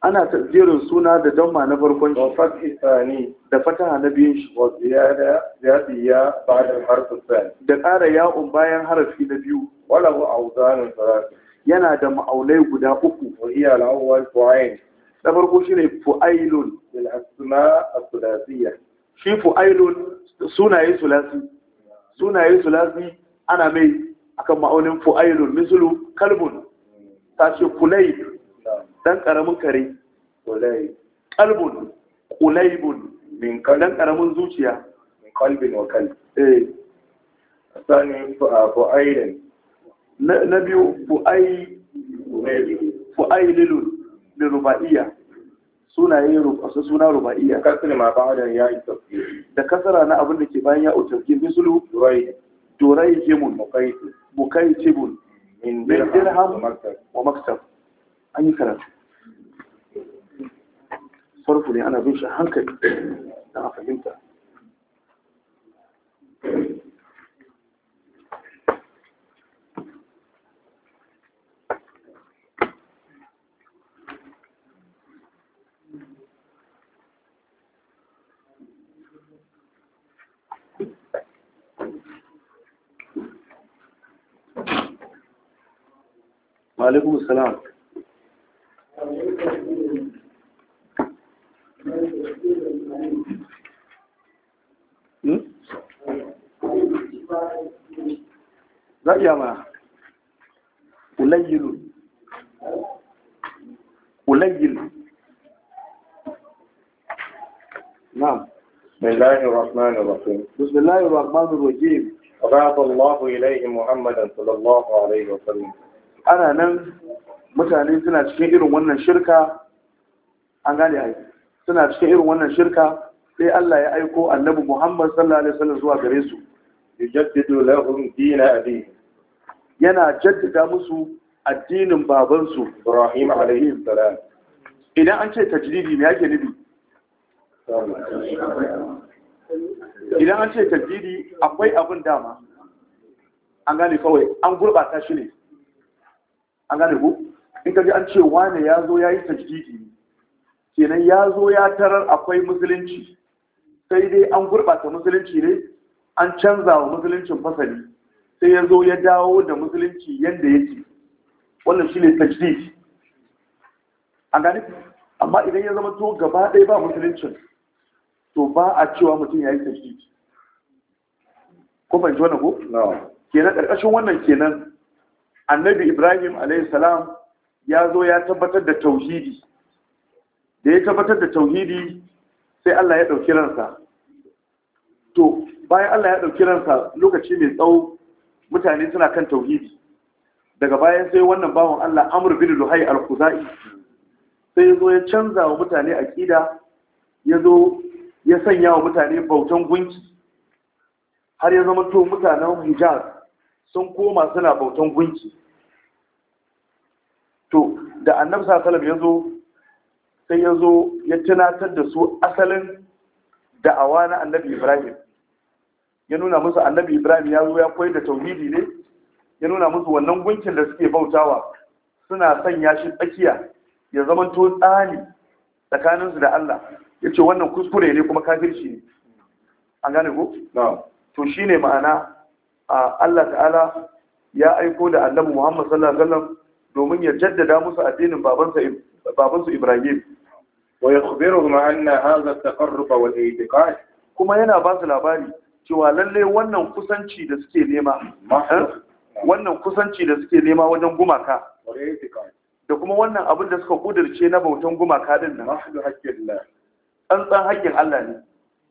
S1: ana tafsirin suna da damma na farkon shi fathi tsani da fataha na biyun shi wa ziyada ziyadi ya ba'da harfi tsani da ƙara ya'un bayan harafi na biyu wala hu awzanun sarat yana da ma'aulai guda uku wa iya al fu'ain da farko shine fu'ailun bil asma as-sulasiyya shi fu'ailun sunaye sulasi sunaye sulasi ana mai akan ma'aunin fu'ailun mislu kalbun tashi ce dan karamin kare wallahi qalbun qulaybun min dan karamin zuciya min qalbin wa qalb eh asani ah, fu'aidan na biyu fu'ai fu'aililun lirubaiya sunaye su suna rubaiya kasar ma ba da ya yi da kasara na abin da ke bayan ya utafsir mislu durai durai jimun mukaitibun min dirham wa maktab an yi karatu farko ne ana bin shi hankali don a fahimta وعليكم السلام za iya ma ƙulayilu ƙulayilu نعم بسم الله الرحمن الرحيم بسم الله الرحمن الرحيم وبعث الله إليه محمدا صلى الله عليه وسلم ana nan mutane suna cikin irin wannan shirka an gane ai suna cikin irin wannan shirka sai Allah ya aiko annabi Muhammad sallallahu alaihi wasallam zuwa gare su yujaddidu lahum dina abi yana jaddada musu addinin babansu Ibrahim alaihi salam idan an ce tajdidi me yake nufi idan an ce tajdidi akwai abin dama an gane kawai an gurbata shi ne an gane ku in ka ji an ce wane ya zo ya yi tajdidi kenan ya zo ya tarar akwai musulunci sai dai an gurɓata musulunci ne an canza wa musuluncin fasali sai ya zo ya dawo da musulunci yadda yake wannan shi ne tajdidi an gane amma idan ya zama to gaba ɗaya ba musuluncin to ba a cewa mutum ya yi tajdidi ko ban ji wannan ko kenan ƙarƙashin wannan kenan annabi ibrahim alaihissalam ya zo ya tabbatar da tauhidi da ya tabbatar da tauhidi sai allah ya ɗauki ransa to bayan allah ya ɗauki ransa lokaci mai tsawo mutane suna kan tauhidi daga bayan sai wannan bawan allah amur bin luhai al-khuzai sai ya zo ya canza wa mutane aƙida ya zo ya sanya wa mutane bautan gunki har ya zama to mutanen hijaz sun koma suna bautan gunki to da annabi sallallahu ya zo sai ya zo ya tunatar da su asalin da'awa na annabi ibrahim ya nuna musu annabi ibrahim ya zo ya koyar da tauhidi ne ya nuna musu wannan gunkin da suke bautawa suna sanya shi tsakiya ya zama to tsani tsakaninsu da Allah ya ce wannan kuskure ne kuma kafirci ne an gane ko? to shi ne ma'ana Allah ta'ala ya aiko da annabi Muhammad sallallahu alaihi wasallam domin ya jaddada musu addinin babansa babansu Ibrahim wa yakhbiruhum anna hadha at-taqarrub wal i'tiqad kuma yana ba su labari cewa lalle wannan kusanci da suke nema eh, wannan kusanci da suke nema wajen gumaka da kuma wannan abin da suka kudirce na bautan gumaka din nan tsantsan haƙƙin Allah ne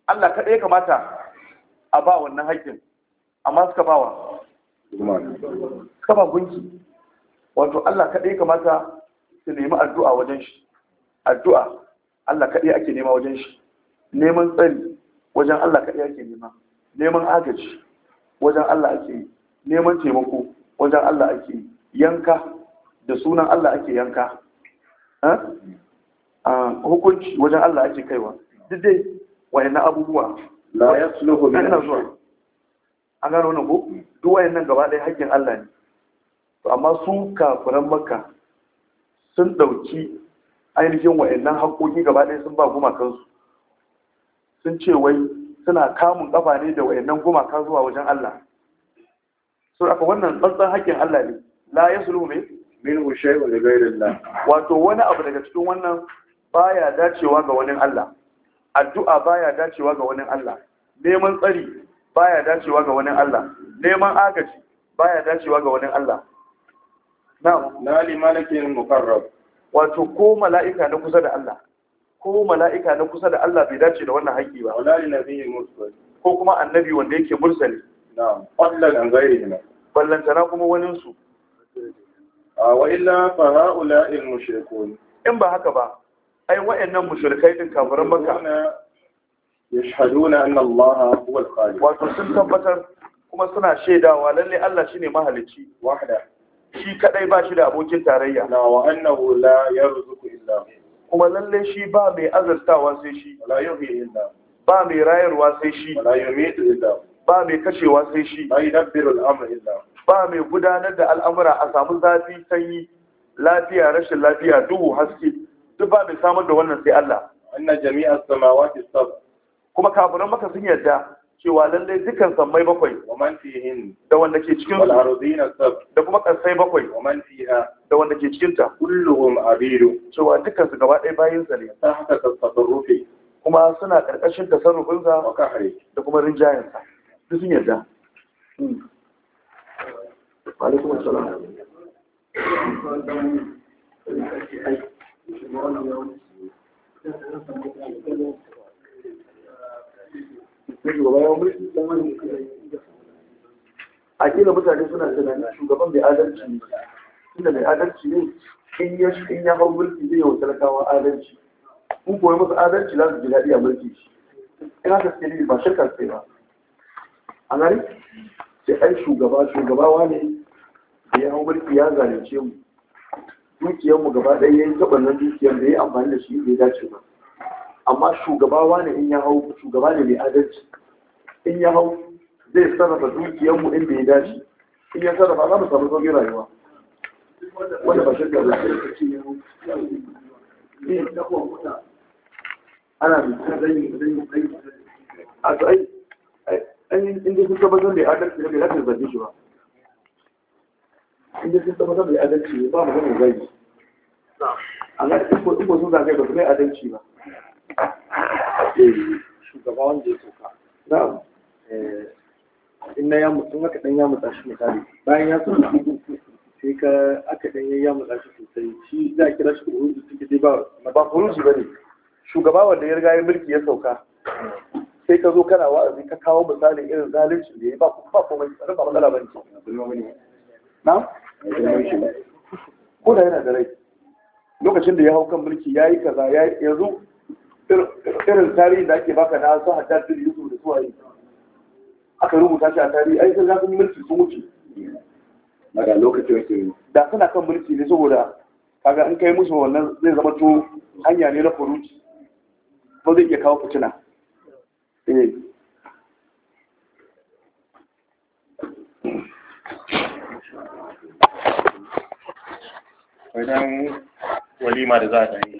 S1: Allah ya kamata a ba wannan haƙƙin amma suka bawa suka ba gunki wato Allah kaɗai kamata su nemi addu'a wajen shi addu'a Allah kaɗai ake nema wajen shi neman tsari wajen Allah kaɗai ake nema neman agaji wajen Allah ake yi neman taimako wajen Allah ake yi yanka da sunan Allah ake yanka eh? ah, hukunci wajen Allah ake kaiwa duk dai wayannan abubuwa la yasluhu min an gano wani gobe hmm. duk nan gaba ɗaya haƙƙin Allah ne to amma su kafiran makka sun ɗauki ainihin wa'annan haƙƙoƙi gaba ɗaya sun ba gumakansu sun ce wai suna kamun ƙafa ne da wa'annan gumaka zuwa wajen Allah so aka wannan tsantsan haƙƙin Allah ne la yaslu min wa daga irin ghayrillah wato wani abu daga cikin wannan baya dacewa ga wani Allah addu'a baya dacewa ga wani Allah neman tsari baya dacewa ga wani Allah neman agaji baya dacewa ga wani Allah na'am la li malakin muqarrab wato ko mala'ika na kusa da Allah ko mala'ika na kusa da Allah bai dace da wannan haƙi ba wala li nabiyyi mursal ko kuma annabi wanda yake mursali na'am qallan an gairina ballantana kuma wani su wa illa fa ha'ula'il mushrikun in ba haka ba ai wayannan mushrikai din kafirin makka يشهدون أن الله هو الخالق وتسن تبتر kuma suna shaidawa lalle Allah shine mahalicci wahda shi kadai ba shi da abokin tarayya la wa annahu la yarzuqu illa kuma lalle shi ba mai azartawa sai shi la illa ba mai rayarwa sai shi la yumitu illa ba mai shi illa ba mai gudanar da al'amura a samu zafi sanyi lafiya rashin lafiya duhu haske duk ba mai samar da wannan sai Allah anna jami'a samawati as kuma kafiran maka sun yarda cewa lallai dukkan sammai bakwai da wanda ke cikin da kuma ƙarsai bakwai da wanda ke cikin ta kulluhum abidu cewa dukkan su gaba ɗaya bayin sa ne ta haka tasarrufi kuma suna ƙarƙashin tasarrufin sa da kuma rinjayen sa duk sun yarda alaikum assalam
S2: Thank you.
S1: na shugaba ya mulki dan wani a kila mutane suna tunanin shugaban mai adalci ne inda mai adalci ne in ya hau mulki zai yawan talakawa adalci in koyi masa adalci za su ji daɗi a mulki shi Ina haka suke ba shakka sai ba a nan sai ai shugaba shugabawa ne da ya hau mulki ya zalunce mu dukiyarmu gaba ɗaya ya yi taɓa nan dukiyar da ya yi amfani da shi bai dace ba amma shugaba wani in ya hau shugaba ne mai adalci in ya hau zai sarrafa dukiyarmu inda ya dace in ya sarrafa za mu samu sauƙin rayuwa
S2: wanda ba shirka ba
S1: ana a tsaye inda sun tabbatar da adalci ne bai zaka zarge shi ba inda sun tabbatar da adalci ne ba mu zai zagi a ga in ko sun zage ba su kai adalci ba shugaba wanda ya sauka na'am eh, in na ya mutum aka dan ya mutsa shi misali bayan ya soka sai ka aka dan ya ya mutsa shi sosai shi za a kira shi ko kuruji suke dai ba ba kuruji bane shugaba wanda ya riga ya mulki ya sauka sai ka zo kana wa'azi ka kawo misalin irin zalunci da ya ba ku ba komai tsarin ba matsala bane na ko da yana da rai lokacin da ya hau kan mulki ya yi kaza ya yanzu irin tarihi da ake baka na su hajjar da yusuf da suwaye aka rubuta shi a tarihi ai sun zafin mulki sun wuce daga lokacin wasu da suna kan mulki ne saboda kaga in kai musu wannan zai zama to hanya ne na furuci ba zai iya kawo fitina eh.
S2: wajen walima da za a